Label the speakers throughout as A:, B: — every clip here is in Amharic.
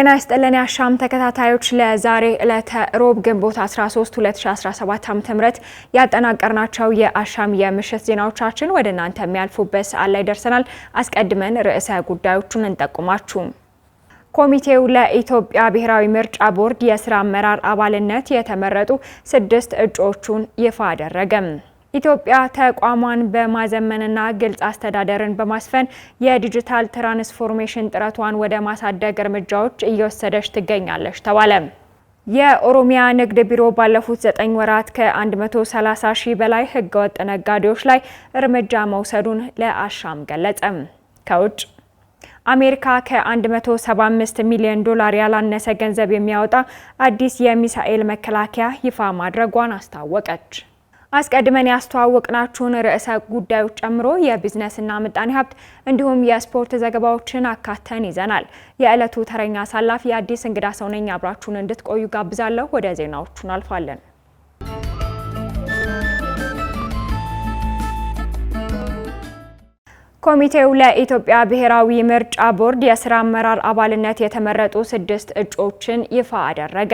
A: ጤና ይስጥልን የአሻም ተከታታዮች ለዛሬ ዕለተ ሮብ ግንቦት 13 2017 ዓ.ም ያጠናቀርናቸው የአሻም የምሽት ዜናዎቻችን ወደ እናንተ የሚያልፉበት ሰዓት ላይ ደርሰናል። አስቀድመን ርዕሰ ጉዳዮቹን እንጠቁማችሁ። ኮሚቴው ለኢትዮጵያ ብሔራዊ ምርጫ ቦርድ የስራ አመራር አባልነት የተመረጡ ስድስት እጩዎቹን ይፋ አደረገም። ኢትዮጵያ ተቋሟን በማዘመንና ግልጽ አስተዳደርን በማስፈን የዲጂታል ትራንስፎርሜሽን ጥረቷን ወደ ማሳደግ እርምጃዎች እየወሰደች ትገኛለች ተባለ። የኦሮሚያ ንግድ ቢሮ ባለፉት ዘጠኝ ወራት ከ130 ሺህ በላይ ህገወጥ ነጋዴዎች ላይ እርምጃ መውሰዱን ለአሻም ገለጸም። ከውጭ አሜሪካ ከ175 ሚሊዮን ዶላር ያላነሰ ገንዘብ የሚያወጣ አዲስ የሚሳኤል መከላከያ ይፋ ማድረጓን አስታወቀች። አስቀድመን ያስተዋወቅናችሁን ርዕሰ ጉዳዮች ጨምሮ የቢዝነስና ምጣኔ ሀብት እንዲሁም የስፖርት ዘገባዎችን አካተን ይዘናል። የዕለቱ ተረኛ አሳላፊ የአዲስ እንግዳ ሰው አብራችሁን እንድትቆዩ ጋብዛለሁ። ወደ ዜናዎቹ እናልፋለን። ኮሚቴው ለኢትዮጵያ ብሔራዊ ምርጫ ቦርድ የስራ አመራር አባልነት የተመረጡ ስድስት እጩዎችን ይፋ አደረገ።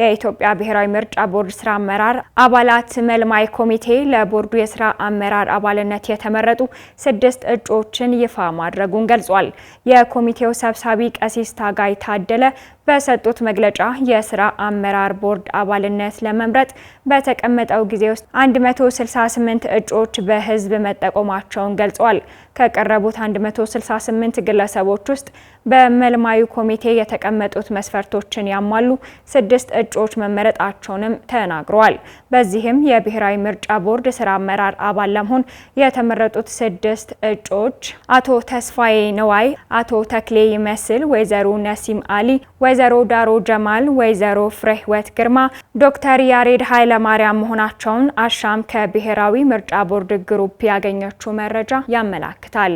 A: የኢትዮጵያ ብሔራዊ ምርጫ ቦርድ ስራ አመራር አባላት መልማይ ኮሚቴ ለቦርዱ የስራ አመራር አባልነት የተመረጡ ስድስት እጩዎችን ይፋ ማድረጉን ገልጿል። የኮሚቴው ሰብሳቢ ቀሲስ ታጋይ ታደለ በሰጡት መግለጫ የስራ አመራር ቦርድ አባልነት ለመምረጥ በተቀመጠው ጊዜ ውስጥ 168 እጩዎች በህዝብ መጠቆማቸውን ገልጸዋል። ከቀረቡት 168 ግለሰቦች ውስጥ በመልማዩ ኮሚቴ የተቀመጡት መስፈርቶችን ያሟሉ ስድስት እጩዎች መመረጣቸውንም ተናግረዋል። በዚህም የብሔራዊ ምርጫ ቦርድ ስራ አመራር አባል ለመሆን የተመረጡት ስድስት እጩዎች አቶ ተስፋዬ ነዋይ፣ አቶ ተክሌ ይመስል፣ ወይዘሮ ነሲም አሊ ወይዘሮ ዳሮ ጀማል፣ ወይዘሮ ፍሬህይወት ግርማ፣ ዶክተር ያሬድ ኃይለማርያም መሆናቸውን አሻም ከብሔራዊ ምርጫ ቦርድ ግሩፕ ያገኘችው መረጃ ያመላክታል።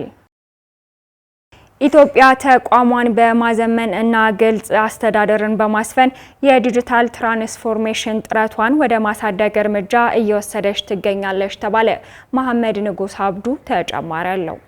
A: ኢትዮጵያ ተቋሟን በማዘመን እና ግልጽ አስተዳደርን በማስፈን የዲጂታል ትራንስፎርሜሽን ጥረቷን ወደ ማሳደግ እርምጃ እየወሰደች ትገኛለች ተባለ። መሐመድ ንጉስ አብዱ ተጨማሪ አለው።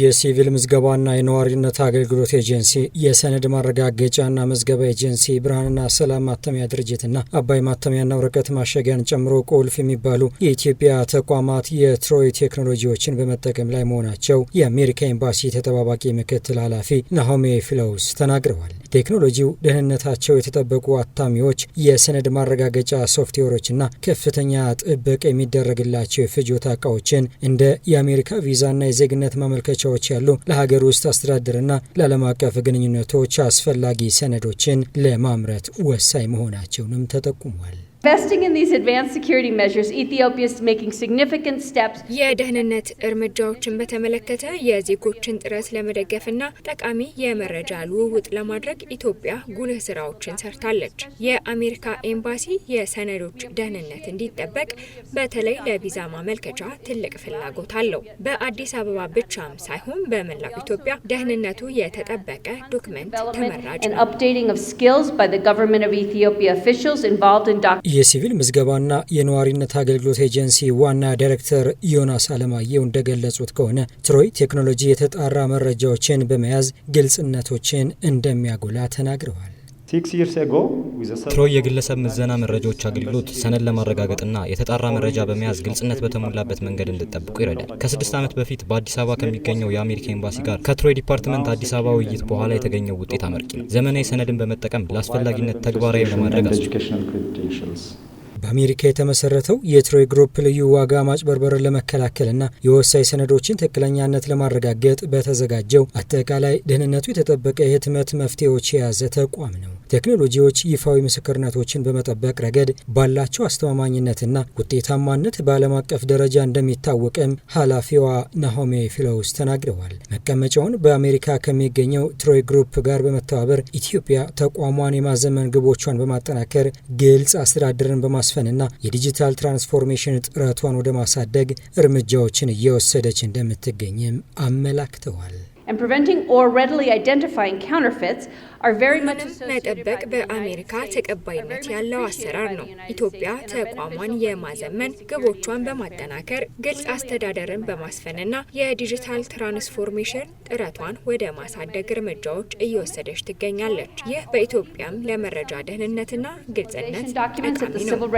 B: የሲቪል ምዝገባና የነዋሪነት አገልግሎት ኤጀንሲ የሰነድ ማረጋገጫና መዝገባ ኤጀንሲ ብርሃንና ሰላም ማተሚያ ድርጅትና አባይ ማተሚያና ወረቀት ማሸጊያን ጨምሮ ቁልፍ የሚባሉ የኢትዮጵያ ተቋማት የትሮይ ቴክኖሎጂዎችን በመጠቀም ላይ መሆናቸው የአሜሪካ ኤምባሲ ተጠባባቂ ምክትል ኃላፊ ናሆሜ ፊለውስ ተናግረዋል። ቴክኖሎጂው ደህንነታቸው የተጠበቁ አታሚዎች፣ የሰነድ ማረጋገጫ ሶፍትዌሮችና ከፍተኛ ጥበቃ የሚደረግላቸው የፍጆታ እቃዎችን እንደ የአሜሪካ ቪዛና የዜግነት ማመልከቻዎች ያሉ ለሀገር ውስጥ አስተዳደርና ለዓለም አቀፍ ግንኙነቶች አስፈላጊ ሰነዶችን ለማምረት ወሳኝ መሆናቸውንም ተጠቁሟል።
C: Investing in these advanced security measures, Ethiopia is making significant steps. የደህንነት እርምጃዎችን በተመለከተ የዜጎችን ጥረት ለመደገፍና ጠቃሚ የመረጃ ልውውጥ ለማድረግ ኢትዮጵያ ጉልህ ስራዎችን ሰርታለች። የአሜሪካ ኤምባሲ የሰነዶች ደህንነት እንዲጠበቅ በተለይ ለቪዛ ማመልከቻ ትልቅ ፍላጎት አለው። በአዲስ አበባ ብቻም ሳይሆን በመላው ኢትዮጵያ ደህንነቱ የተጠበቀ ዶክመንት ተመራጭ ነው።
B: የሲቪል ምዝገባና የነዋሪነት አገልግሎት ኤጀንሲ ዋና ዳይሬክተር ዮናስ አለማየሁ እንደገለጹት ከሆነ ትሮይ ቴክኖሎጂ የተጣራ መረጃዎችን በመያዝ ግልጽነቶችን እንደሚያጎላ ተናግረዋል። ትሮይ የግለሰብ ምዘና መረጃዎች አገልግሎት ሰነድ ለማረጋገጥና የተጣራ መረጃ በመያዝ ግልጽነት በተሞላበት መንገድ እንዲጠብቁ ይረዳል። ከስድስት ዓመት በፊት በአዲስ አበባ ከሚገኘው የአሜሪካ ኤምባሲ ጋር ከትሮይ ዲፓርትመንት አዲስ አበባ ውይይት በኋላ የተገኘው ውጤት አመርቂ ነው። ዘመናዊ ሰነድን በመጠቀም ለአስፈላጊነት ተግባራዊ ለማድረግ አስችሏል። በአሜሪካ የተመሰረተው የትሮይ ግሩፕ ልዩ ዋጋ ማጭበርበርን ለመከላከልና የወሳኝ ሰነዶችን ትክክለኛነት ለማረጋገጥ በተዘጋጀው አጠቃላይ ደህንነቱ የተጠበቀ የህትመት መፍትሄዎች የያዘ ተቋም ነው። ቴክኖሎጂዎች ይፋዊ ምስክርነቶችን በመጠበቅ ረገድ ባላቸው አስተማማኝነትና ውጤታማነት በዓለም አቀፍ ደረጃ እንደሚታወቅም ኃላፊዋ ናሆሜ ፊሎውስ ተናግረዋል። መቀመጫውን በአሜሪካ ከሚገኘው ትሮይ ግሩፕ ጋር በመተባበር ኢትዮጵያ ተቋሟን የማዘመን ግቦቿን በማጠናከር ግልጽ አስተዳደርን በማስ ማስፈንና የዲጂታል ትራንስፎርሜሽን ጥረቷን ወደ ማሳደግ እርምጃዎችን እየወሰደች እንደምትገኝም አመላክተዋል።
C: ሁሉንም መጠበቅ በአሜሪካ ተቀባይነት ያለው አሰራር ነው። ኢትዮጵያ ተቋሟን የማዘመን ግቦቿን በማጠናከር ግልጽ አስተዳደርን በማስፈንና የዲጂታል ትራንስፎርሜሽን ጥረቷን ወደ ማሳደግ እርምጃዎች እየወሰደች ትገኛለች። ይህ በኢትዮጵያም ለመረጃ ደህንነትና ግልጽነት ጠቃሚ ነው።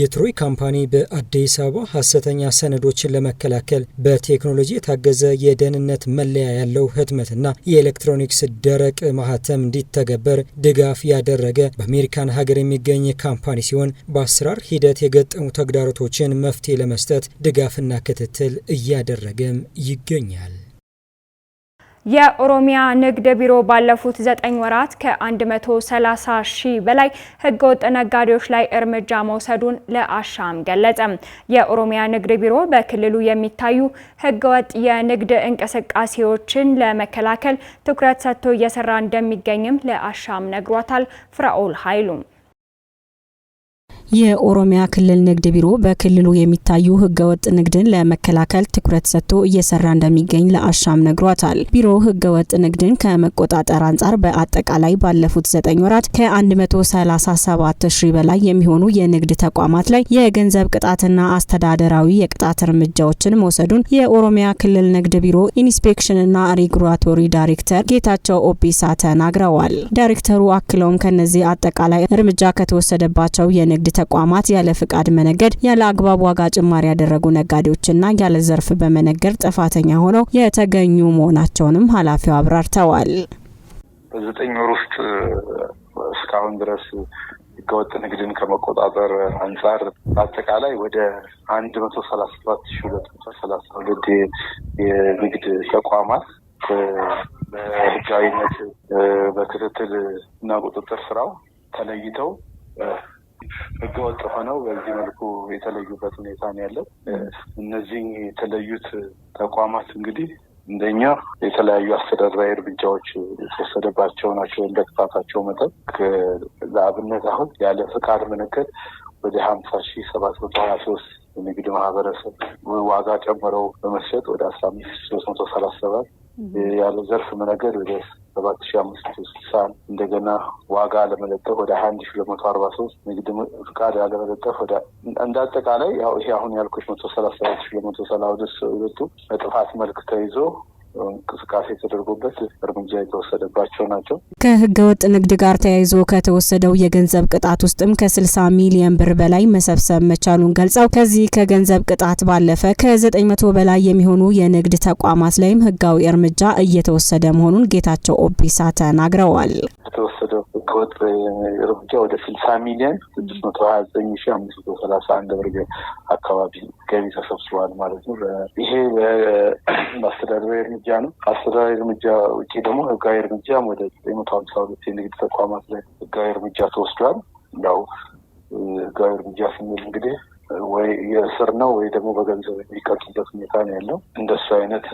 B: የትሮይ ካምፓኒ በአዲስ አበባ ሀሰተኛ ሰነዶችን ለመከላከል በቴክኖሎጂ የታገዘ የደህንነት መለያ ያለው ህትመትና የኤሌክትሮኒክ የፊኒክስ ደረቅ ማህተም እንዲተገበር ድጋፍ ያደረገ በአሜሪካን ሀገር የሚገኝ ካምፓኒ ሲሆን በአሰራር ሂደት የገጠሙ ተግዳሮቶችን መፍትሄ ለመስጠት ድጋፍና ክትትል እያደረገም ይገኛል።
A: የኦሮሚያ ንግድ ቢሮ ባለፉት ዘጠኝ ወራት ከ130 ሺህ በላይ ህገወጥ ነጋዴዎች ላይ እርምጃ መውሰዱን ለአሻም ገለጸ። የኦሮሚያ ንግድ ቢሮ በክልሉ የሚታዩ ህገወጥ የንግድ እንቅስቃሴዎችን ለመከላከል ትኩረት ሰጥቶ እየሰራ እንደሚገኝም ለአሻም ነግሯታል። ፍራኦል ኃይሉም የኦሮሚያ ክልል ንግድ ቢሮ በክልሉ የሚታዩ ህገወጥ ንግድን ለመከላከል ትኩረት ሰጥቶ እየሰራ እንደሚገኝ ለአሻም ነግሯታል። ቢሮ ህገወጥ ንግድን ከመቆጣጠር አንጻር በአጠቃላይ ባለፉት ዘጠኝ ወራት ከ137 ሺህ በላይ የሚሆኑ የንግድ ተቋማት ላይ የገንዘብ ቅጣትና አስተዳደራዊ የቅጣት እርምጃዎችን መውሰዱን የኦሮሚያ ክልል ንግድ ቢሮ ኢንስፔክሽንና ሬጉላቶሪ ዳይሬክተር ጌታቸው ኦቢሳ ተናግረዋል። ዳይሬክተሩ አክለውም ከነዚህ አጠቃላይ እርምጃ ከተወሰደባቸው የንግድ ተቋማት ያለ ፍቃድ መነገድ፣ ያለ አግባብ ዋጋ ጭማሪ ያደረጉ ነጋዴዎችና ያለ ዘርፍ በመነገድ ጥፋተኛ ሆነው የተገኙ መሆናቸውንም ኃላፊው አብራርተዋል።
D: በዘጠኝ ወር ውስጥ እስካሁን ድረስ ህገወጥ ንግድን ከመቆጣጠር አንጻር በአጠቃላይ ወደ አንድ መቶ ሰላሳ ሰባት ሺ ሁለት መቶ ሰላሳ ሁለት የንግድ ተቋማት በህጋዊነት በክትትል እና ቁጥጥር ስራው ተለይተው ህገ ወጥ ሆነው በዚህ መልኩ የተለዩበት ሁኔታ ነው ያለው። እነዚህ የተለዩት ተቋማት እንግዲህ እንደኛ የተለያዩ አስተዳደራዊ እርምጃዎች የተወሰደባቸው ናቸው። እንደ ጥፋታቸው መጠን ለአብነት አሁን ያለ ፍቃድ መነገድ ወደ ሀምሳ ሺ ሰባት መቶ ሀያ ሶስት የንግድ ማህበረሰብ ዋጋ ጨምረው በመሸጥ ወደ አስራ አምስት ሶስት መቶ ሰላሳ ሰባት ያለ ዘርፍ መነገድ ወደ ሰባት ሺ አምስት ስልሳን እንደገና ዋጋ ለመለጠፍ ወደ ሀያ አንድ ሺ ለመቶ አርባ ሶስት ንግድ ፍቃድ አለመለጠፍ ወደ እንደ አጠቃላይ ይሄ አሁን ያልኩሽ መቶ ሰላሳ ሰባት ሺ ለመቶ መቶ ሰላ ወደ ሁለቱ በጥፋት መልክ ተይዞ እንቅስቃሴ ተደርጎበት እርምጃ የተወሰደባቸው ናቸው።
A: ከህገወጥ ንግድ ጋር ተያይዞ ከተወሰደው የገንዘብ ቅጣት ውስጥም ከስልሳ ሚሊየን ብር በላይ መሰብሰብ መቻሉን ገልጸው ከዚህ ከገንዘብ ቅጣት ባለፈ ከዘጠኝ መቶ በላይ የሚሆኑ የንግድ ተቋማት ላይም ህጋዊ እርምጃ እየተወሰደ መሆኑን ጌታቸው ኦቢሳ ተናግረዋል።
D: የተወሰደው ህገወጥ እርምጃ ወደ ስልሳ ሚሊዮን ስድስት መቶ ሀያ ዘጠኝ ሺ አምስት መቶ ሰላሳ አንድ ብር አካባቢ ገቢ ተሰብስበዋል ማለት ነው። ይሄ በአስተዳደራዊ እርምጃ ነው። አስተዳደራዊ እርምጃ ውጭ ደግሞ ህጋዊ እርምጃም ወደ ዘጠኝ መቶ ሀምሳ ሁለት የንግድ ተቋማት ላይ ህጋዊ እርምጃ ተወስዷል። ያው ህጋዊ እርምጃ ስንል እንግዲህ ወይ የእስር ነው ወይ ደግሞ በገንዘብ የሚቀጡበት ሁኔታ ነው ያለው። እንደሱ አይነት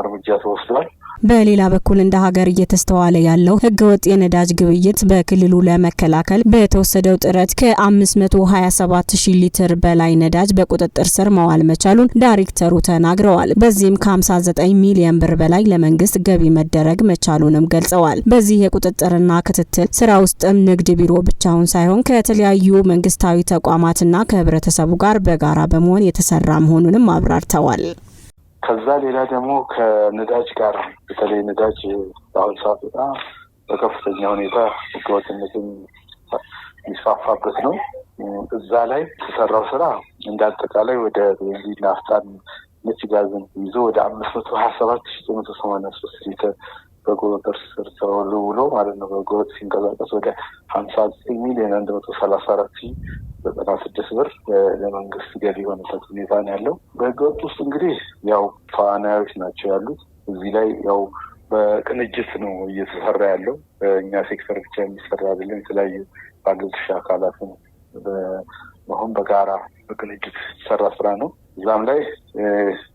D: እርምጃ ተወስዷል።
A: በሌላ በኩል እንደ ሀገር እየተስተዋለ ያለው ህገወጥ የነዳጅ ግብይት በክልሉ ለመከላከል በተወሰደው ጥረት ከ527 ሺህ ሊትር በላይ ነዳጅ በቁጥጥር ስር መዋል መቻሉን ዳይሬክተሩ ተናግረዋል። በዚህም ከ59 ሚሊዮን ብር በላይ ለመንግስት ገቢ መደረግ መቻሉንም ገልጸዋል። በዚህ የቁጥጥርና ክትትል ስራ ውስጥም ንግድ ቢሮ ብቻውን ሳይሆን ከተለያዩ መንግስታዊ ተቋማትና ከህብረተሰቡ ጋር በጋራ በመሆን የተሰራ መሆኑንም አብራርተዋል።
D: ከዛ ሌላ ደግሞ ከነዳጅ ጋር በተለይ ነዳጅ በአሁን ሰዓት በጣም በከፍተኛ ሁኔታ ህገወጥነትን የሚስፋፋበት ነው። እዛ ላይ የተሰራው ስራ እንደ አጠቃላይ ወደ ቤንዚን፣ ናፍጣን፣ ነጭ ጋዝን ይዞ ወደ አምስት መቶ ሀያ ሰባት ሺ ዘጠኝ መቶ ሰማንያ ሶስት ሊትር በጎበር ስር ተውሎ ውሎ ማለት ነው በጎበር ሲንቀሳቀስ ወደ ሀምሳ ዘጠኝ ሚሊዮን አንድ መቶ ሰላሳ አራት ሺ ዘጠና ስድስት ብር ለመንግስት ገቢ የሆነበት ሁኔታ ነው ያለው። በህገወጥ ውስጥ እንግዲህ ያው ተዋናዮች ናቸው ያሉት። እዚህ ላይ ያው በቅንጅት ነው እየተሰራ ያለው። እኛ ሴክተር ብቻ የሚሰራ አይደለም። የተለያዩ ባለድርሻ አካላት በመሆን በጋራ በቅንጅት ሰራ ስራ ነው። እዛም ላይ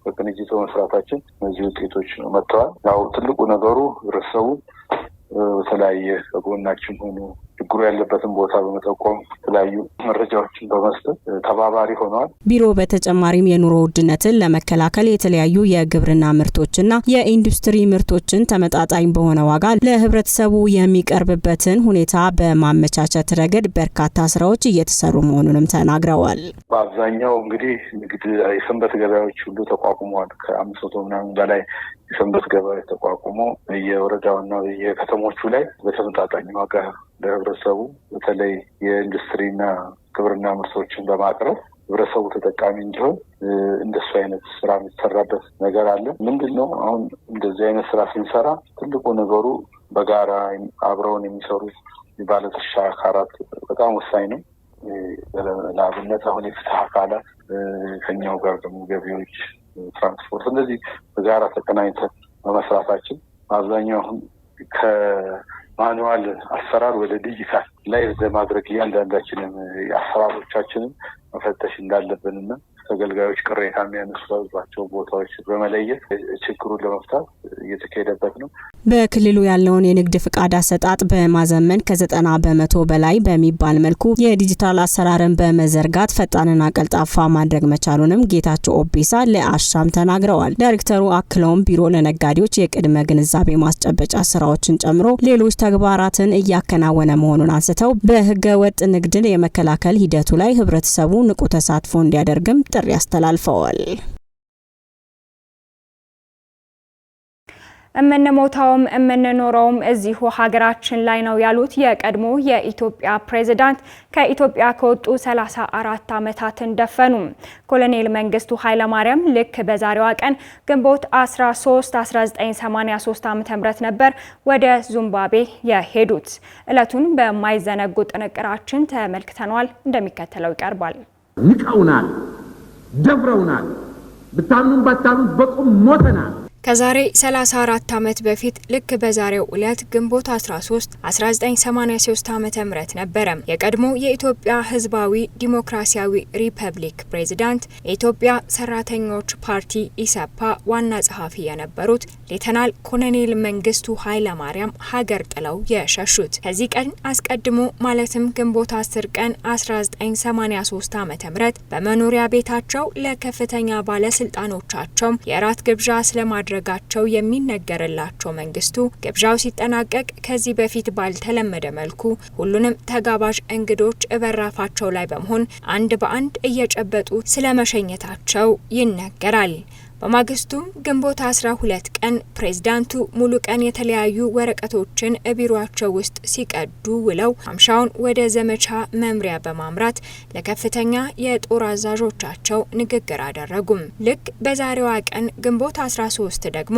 D: በቅንጅት በመስራታችን እነዚህ ውጤቶች ነው መጥተዋል። ያው ትልቁ ነገሩ ህብረተሰቡ በተለያየ በጎናችን ሆኖ ችግሩ ያለበትን ቦታ በመጠቆም የተለያዩ መረጃዎችን በመስጠት ተባባሪ ሆነዋል።
A: ቢሮ በተጨማሪም የኑሮ ውድነትን ለመከላከል የተለያዩ የግብርና ምርቶችና የኢንዱስትሪ ምርቶችን ተመጣጣኝ በሆነ ዋጋ ለህብረተሰቡ የሚቀርብበትን ሁኔታ በማመቻቸት ረገድ በርካታ ስራዎች እየተሰሩ መሆኑንም ተናግረዋል።
D: በአብዛኛው እንግዲህ ንግድ የሰንበት ገበያዎች ሁሉ ተቋቁመዋል። ከአምስት መቶ ምናምን በላይ የሰንበት ገበያ ተቋቁሞ በየወረዳውና በየከተሞቹ ላይ በተመጣጣኝ ዋጋ ለህብረተሰቡ በተለይ የኢንዱስትሪና ግብርና ምርቶችን በማቅረብ ህብረተሰቡ ተጠቃሚ እንዲሆን እንደሱ አይነት ስራ የሚሰራበት ነገር አለ። ምንድን ነው አሁን እንደዚህ አይነት ስራ ስንሰራ ትልቁ ነገሩ በጋራ አብረውን የሚሰሩ ባለድርሻ አካላት በጣም ወሳኝ ነው። ለአብነት አሁን የፍትህ አካላት ከኛው ጋር ደግሞ ገቢዎች ትራንስፖርት፣ እንደዚህ በጋራ ተቀናኝተን በመስራታችን አብዛኛው አሁን ከማኑዋል አሰራር ወደ ዲጂታል ላይ በማድረግ እያንዳንዳችንም አሰራሮቻችንም መፈተሽ እንዳለብንና ተገልጋዮች ቅሬታ የሚያነሳባቸው ቦታዎች በመለየት ችግሩን ለመፍታት እየተካሄደበት ነው።
A: በክልሉ ያለውን የንግድ ፍቃድ አሰጣጥ በማዘመን ከዘጠና በመቶ በላይ በሚባል መልኩ የዲጂታል አሰራርን በመዘርጋት ፈጣንና ቀልጣፋ ማድረግ መቻሉንም ጌታቸው ኦቤሳ ለአሻም ተናግረዋል። ዳይሬክተሩ አክለውም ቢሮ ለነጋዴዎች የቅድመ ግንዛቤ ማስጨበጫ ስራዎችን ጨምሮ ሌሎች ተግባራትን እያከናወነ መሆኑን አንስተው በህገ ወጥ ንግድን የመከላከል ሂደቱ ላይ ህብረተሰቡ ንቁ ተሳትፎ እንዲያደርግም ጥሪ አስተላልፈዋል።
C: እምንሞታውም እምንኖረውም እዚሁ ሀገራችን ላይ ነው ያሉት የቀድሞ የኢትዮጵያ ፕሬዝዳንት ከኢትዮጵያ ከወጡ ሰላሳ አራት ዓመታትን ደፈኑ። ኮሎኔል መንግስቱ ኃይለማርያም ልክ በዛሬዋ ቀን ግንቦት 13 1983 ዓ.ም ነበር ወደ ዙምባቤ የሄዱት። እለቱን በማይዘነጉ ጥንቅራችን ተመልክተነዋል፣ እንደሚከተለው ይቀርባል።
E: ንቀውናል ደፍረውናል። ብታምኑም ባታምኑት በቁም ሞተናል።
C: ከዛሬ 34 ዓመት በፊት ልክ በዛሬው ዕለት ግንቦት 13 1983 ዓ ም ነበረ የቀድሞ የኢትዮጵያ ሕዝባዊ ዲሞክራሲያዊ ሪፐብሊክ ፕሬዝዳንት የኢትዮጵያ ሰራተኞች ፓርቲ ኢሰፓ ዋና ጸሐፊ የነበሩት ሌተናል ኮሎኔል መንግስቱ ኃይለማርያም ሀገር ጥለው የሸሹት ከዚህ ቀን አስቀድሞ ማለትም ግንቦት 10 ቀን 1983 ዓ ም በመኖሪያ ቤታቸው ለከፍተኛ ባለስልጣኖቻቸው የራት ግብዣ ስለማድረግ ማድረጋቸው የሚነገርላቸው መንግስቱ ግብዣው ሲጠናቀቅ ከዚህ በፊት ባልተለመደ መልኩ ሁሉንም ተጋባዥ እንግዶች እበራፋቸው ላይ በመሆን አንድ በአንድ እየጨበጡ ስለመሸኘታቸው ይነገራል። በማግስቱም ግንቦት 12 ቀን ፕሬዝዳንቱ ሙሉ ቀን የተለያዩ ወረቀቶችን ቢሮቸው ውስጥ ሲቀዱ ውለው አምሻውን ወደ ዘመቻ መምሪያ በማምራት ለከፍተኛ የጦር አዛዦቻቸው ንግግር አደረጉም። ልክ በዛሬዋ ቀን ግንቦት 13 ደግሞ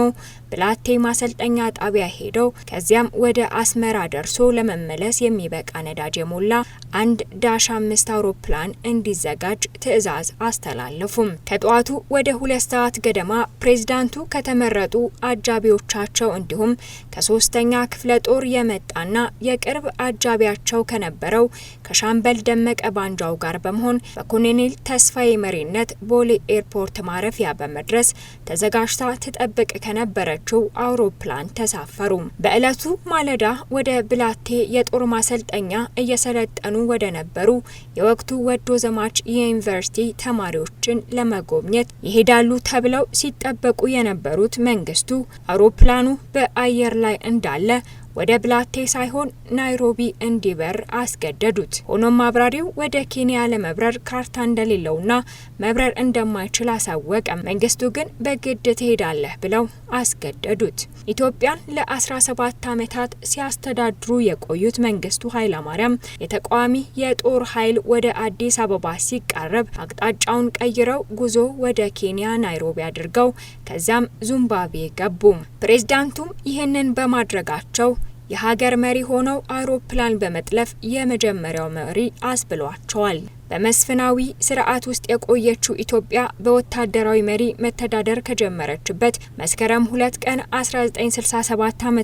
C: ብላቴ ማሰልጠኛ ጣቢያ ሄደው ከዚያም ወደ አስመራ ደርሶ ለመመለስ የሚበቃ ነዳጅ የሞላ አንድ ዳሽ አምስት አውሮፕላን እንዲዘጋጅ ትዕዛዝ አስተላለፉም። ከጠዋቱ ወደ ሁለት ሰዓት ገደማ ፕሬዝዳንቱ ከተመረጡ አጃቢዎቻቸው እንዲሁም ከሶስተኛ ክፍለ ጦር የመጣና የቅርብ አጃቢያቸው ከነበረው ከሻምበል ደመቀ ባንጃው ጋር በመሆን በኮሎኔል ተስፋዬ መሪነት ቦሌ ኤርፖርት ማረፊያ በመድረስ ተዘጋጅታ ትጠብቅ ከነበረችው አውሮፕላን ተሳፈሩ። በዕለቱ ማለዳ ወደ ብላቴ የጦር ማሰልጠኛ እየሰለጠኑ ወደ ነበሩ የወቅቱ ወዶ ዘማች የዩኒቨርሲቲ ተማሪዎችን ለመጎብኘት ይሄዳሉ ተብለው ብለው ሲጠበቁ የነበሩት መንግስቱ አውሮፕላኑ በአየር ላይ እንዳለ ወደ ብላቴ ሳይሆን ናይሮቢ እንዲበር አስገደዱት። ሆኖም አብራሪው ወደ ኬንያ ለመብረር ካርታ እንደሌለውና መብረር እንደማይችል አሳወቀ። መንግስቱ ግን በግድ ትሄዳለህ ብለው አስገደዱት። ኢትዮጵያን ለ17 ዓመታት ሲያስተዳድሩ የቆዩት መንግስቱ ኃይለማርያም የተቃዋሚ የጦር ኃይል ወደ አዲስ አበባ ሲቃረብ አቅጣጫውን ቀይረው ጉዞ ወደ ኬንያ ናይሮቢ አድርገው ከዚያም ዙምባብዌ ገቡ። ፕሬዝዳንቱም ይህንን በማድረጋቸው የሀገር መሪ ሆነው አውሮፕላን በመጥለፍ የመጀመሪያው መሪ አስብሏቸዋል። በመስፍናዊ ስርዓት ውስጥ የቆየችው ኢትዮጵያ በወታደራዊ መሪ መተዳደር ከጀመረችበት መስከረም ሁለት ቀን 1967 ዓ ም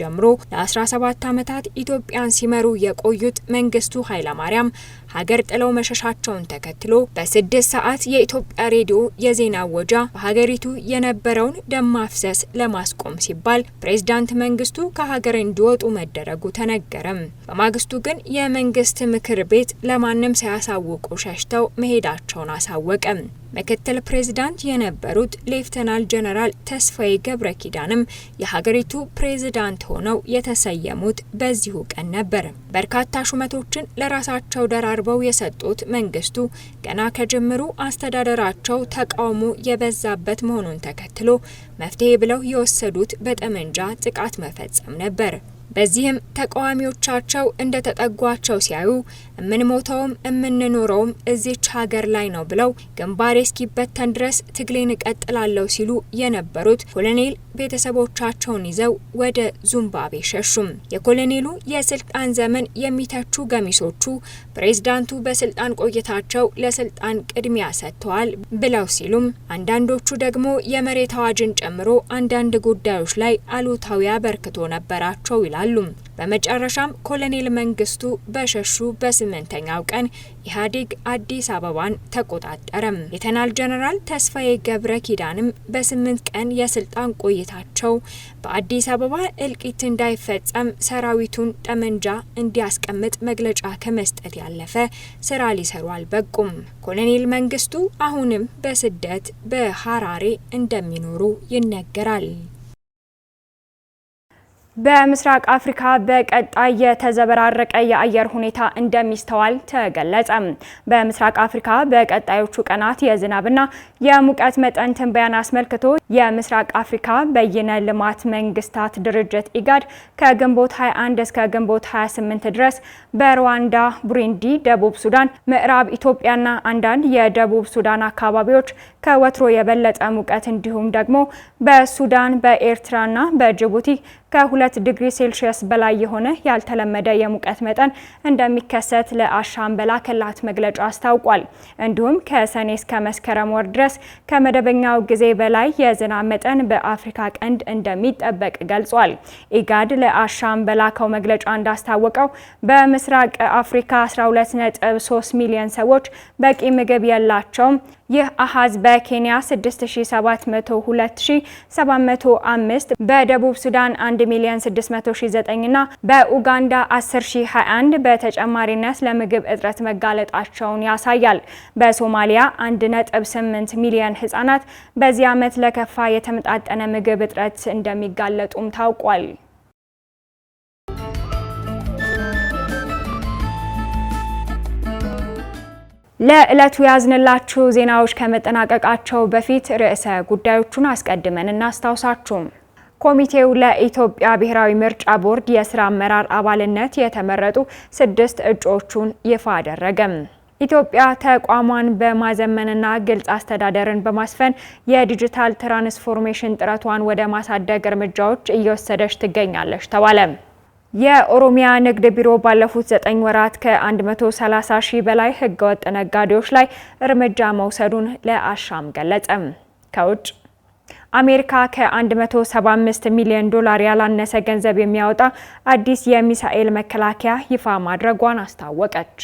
C: ጀምሮ ለ17 ዓመታት ኢትዮጵያን ሲመሩ የቆዩት መንግስቱ ኃይለማርያም ሀገር ጥለው መሸሻቸውን ተከትሎ በስድስት ሰዓት የኢትዮጵያ ሬዲዮ የዜና ወጃ በሀገሪቱ የነበረውን ደም ማፍሰስ ለማስቆም ሲባል ፕሬዝዳንት መንግስቱ ከሀገር እንዲወጡ መደረጉ ተነገረም። በማግስቱ ግን የመንግስት ምክር ቤት ለማንም ሳያሳውቁ ሸሽተው መሄዳቸውን አሳወቀም። ምክትል ፕሬዝዳንት የነበሩት ሌፍተናል ጀነራል ተስፋዬ ገብረ ኪዳንም የሀገሪቱ ፕሬዝዳንት ሆነው የተሰየሙት በዚሁ ቀን ነበር። በርካታ ሹመቶችን ለራሳቸው ደራርበው የሰጡት መንግስቱ ገና ከጅምሩ አስተዳደራቸው ተቃውሞ የበዛበት መሆኑን ተከትሎ መፍትሄ ብለው የወሰዱት በጠመንጃ ጥቃት መፈጸም ነበር። በዚህም ተቃዋሚዎቻቸው እንደ ተጠጓቸው ሲያዩ እምንሞተውም እምንኖረውም እዚች ሀገር ላይ ነው ብለው ግንባሬ እስኪበተን ድረስ ትግሌን እቀጥላለሁ ሲሉ የነበሩት ኮሎኔል ቤተሰቦቻቸውን ይዘው ወደ ዙምባቤ ሸሹም። የኮሎኔሉ የስልጣን ዘመን የሚተቹ ገሚሶቹ ፕሬዝዳንቱ በስልጣን ቆይታቸው ለስልጣን ቅድሚያ ሰጥተዋል ብለው ሲሉም፣ አንዳንዶቹ ደግሞ የመሬት አዋጅን ጨምሮ አንዳንድ ጉዳዮች ላይ አሉታዊ አበርክቶ ነበራቸው ይላል ይላሉ። በመጨረሻም ኮሎኔል መንግስቱ በሸሹ በስምንተኛው ቀን ኢህአዴግ አዲስ አበባን ተቆጣጠረም። ሌተናል ጀነራል ተስፋዬ ገብረ ኪዳንም በስምንት ቀን የስልጣን ቆይታቸው በአዲስ አበባ እልቂት እንዳይፈጸም ሰራዊቱን ጠመንጃ እንዲያስቀምጥ መግለጫ ከመስጠት ያለፈ ስራ ሊሰሩ አልበቁም። ኮሎኔል መንግስቱ አሁንም በስደት በሀራሬ እንደሚኖሩ ይነገራል። በምስራቅ አፍሪካ በቀጣይ የተዘበራረቀ የአየር ሁኔታ እንደሚስተዋል ተገለጸ። በምስራቅ አፍሪካ በቀጣዮቹ ቀናት የዝናብና የሙቀት መጠን ትንበያን አስመልክቶ የምስራቅ አፍሪካ በይነ ልማት መንግስታት ድርጅት ኢጋድ ከግንቦት 21 እስከ ግንቦት 28 ድረስ በሩዋንዳ፣ ቡሩንዲ፣ ደቡብ ሱዳን፣ ምዕራብ ኢትዮጵያና አንዳንድ የደቡብ ሱዳን አካባቢዎች ከወትሮ የበለጠ ሙቀት እንዲሁም ደግሞ በሱዳን በኤርትራና በጅቡቲ ከሁለት ዲግሪ ሴልሺየስ በላይ የሆነ ያልተለመደ የሙቀት መጠን እንደሚከሰት ለአሻምበላ ከላት መግለጫ አስታውቋል። እንዲሁም ከሰኔ እስከ መስከረም ወር ድረስ ከመደበኛው ጊዜ በላይ የዝናብ መጠን በአፍሪካ ቀንድ እንደሚጠበቅ ገልጿል። ኢጋድ ለአሻምበላ ከው መግለጫ እንዳስታወቀው በምስራቅ አፍሪካ 12.3 ሚሊዮን ሰዎች በቂ ምግብ የላቸውም። ይህ አሃዝ በኬንያ 6702 በደቡብ ሱዳን 1 ሚሊዮን 609 እና በኡጋንዳ 10021 በተጨማሪነት ለምግብ እጥረት መጋለጣቸውን ያሳያል። በሶማሊያ 1.8 ሚሊዮን ህጻናት በዚህ ዓመት ለከፋ የተመጣጠነ ምግብ እጥረት እንደሚጋለጡም ታውቋል።
A: ለዕለቱ ያዝንላችሁ ዜናዎች ከመጠናቀቃቸው በፊት ርዕሰ ጉዳዮቹን አስቀድመን እናስታውሳችሁም። ኮሚቴው ለኢትዮጵያ ብሔራዊ ምርጫ ቦርድ የስራ አመራር አባልነት የተመረጡ ስድስት እጩዎቹን ይፋ አደረገም። ኢትዮጵያ ተቋሟን በማዘመንና ግልጽ አስተዳደርን በማስፈን የዲጂታል ትራንስፎርሜሽን ጥረቷን ወደ ማሳደግ እርምጃዎች እየወሰደች ትገኛለች ተባለ። የኦሮሚያ ንግድ ቢሮ ባለፉት ዘጠኝ ወራት ከ130 ሺህ በላይ ህገወጥ ነጋዴዎች ላይ እርምጃ መውሰዱን ለአሻም ገለጸም። ከውጭ አሜሪካ ከ175 ሚሊዮን ዶላር ያላነሰ ገንዘብ የሚያወጣ አዲስ የሚሳኤል መከላከያ ይፋ ማድረጓን አስታወቀች።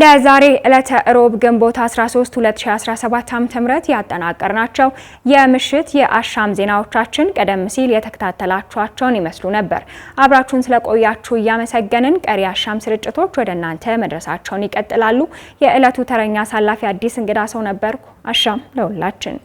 A: ለዛሬ ዕለተ እሮብ ግንቦት 13 2017 ዓ.ም ያጠናቀርናቸው የምሽት የአሻም ዜናዎቻችን ቀደም ሲል የተከታተላችኋቸውን ይመስሉ ነበር። አብራችሁን ስለቆያችሁ እያመሰገንን ቀሪ አሻም ስርጭቶች ወደ እናንተ መድረሳቸውን ይቀጥላሉ። የዕለቱ ተረኛ አሳላፊ አዲስ እንግዳ ሰው ነበርኩ። አሻም ለሁላችን!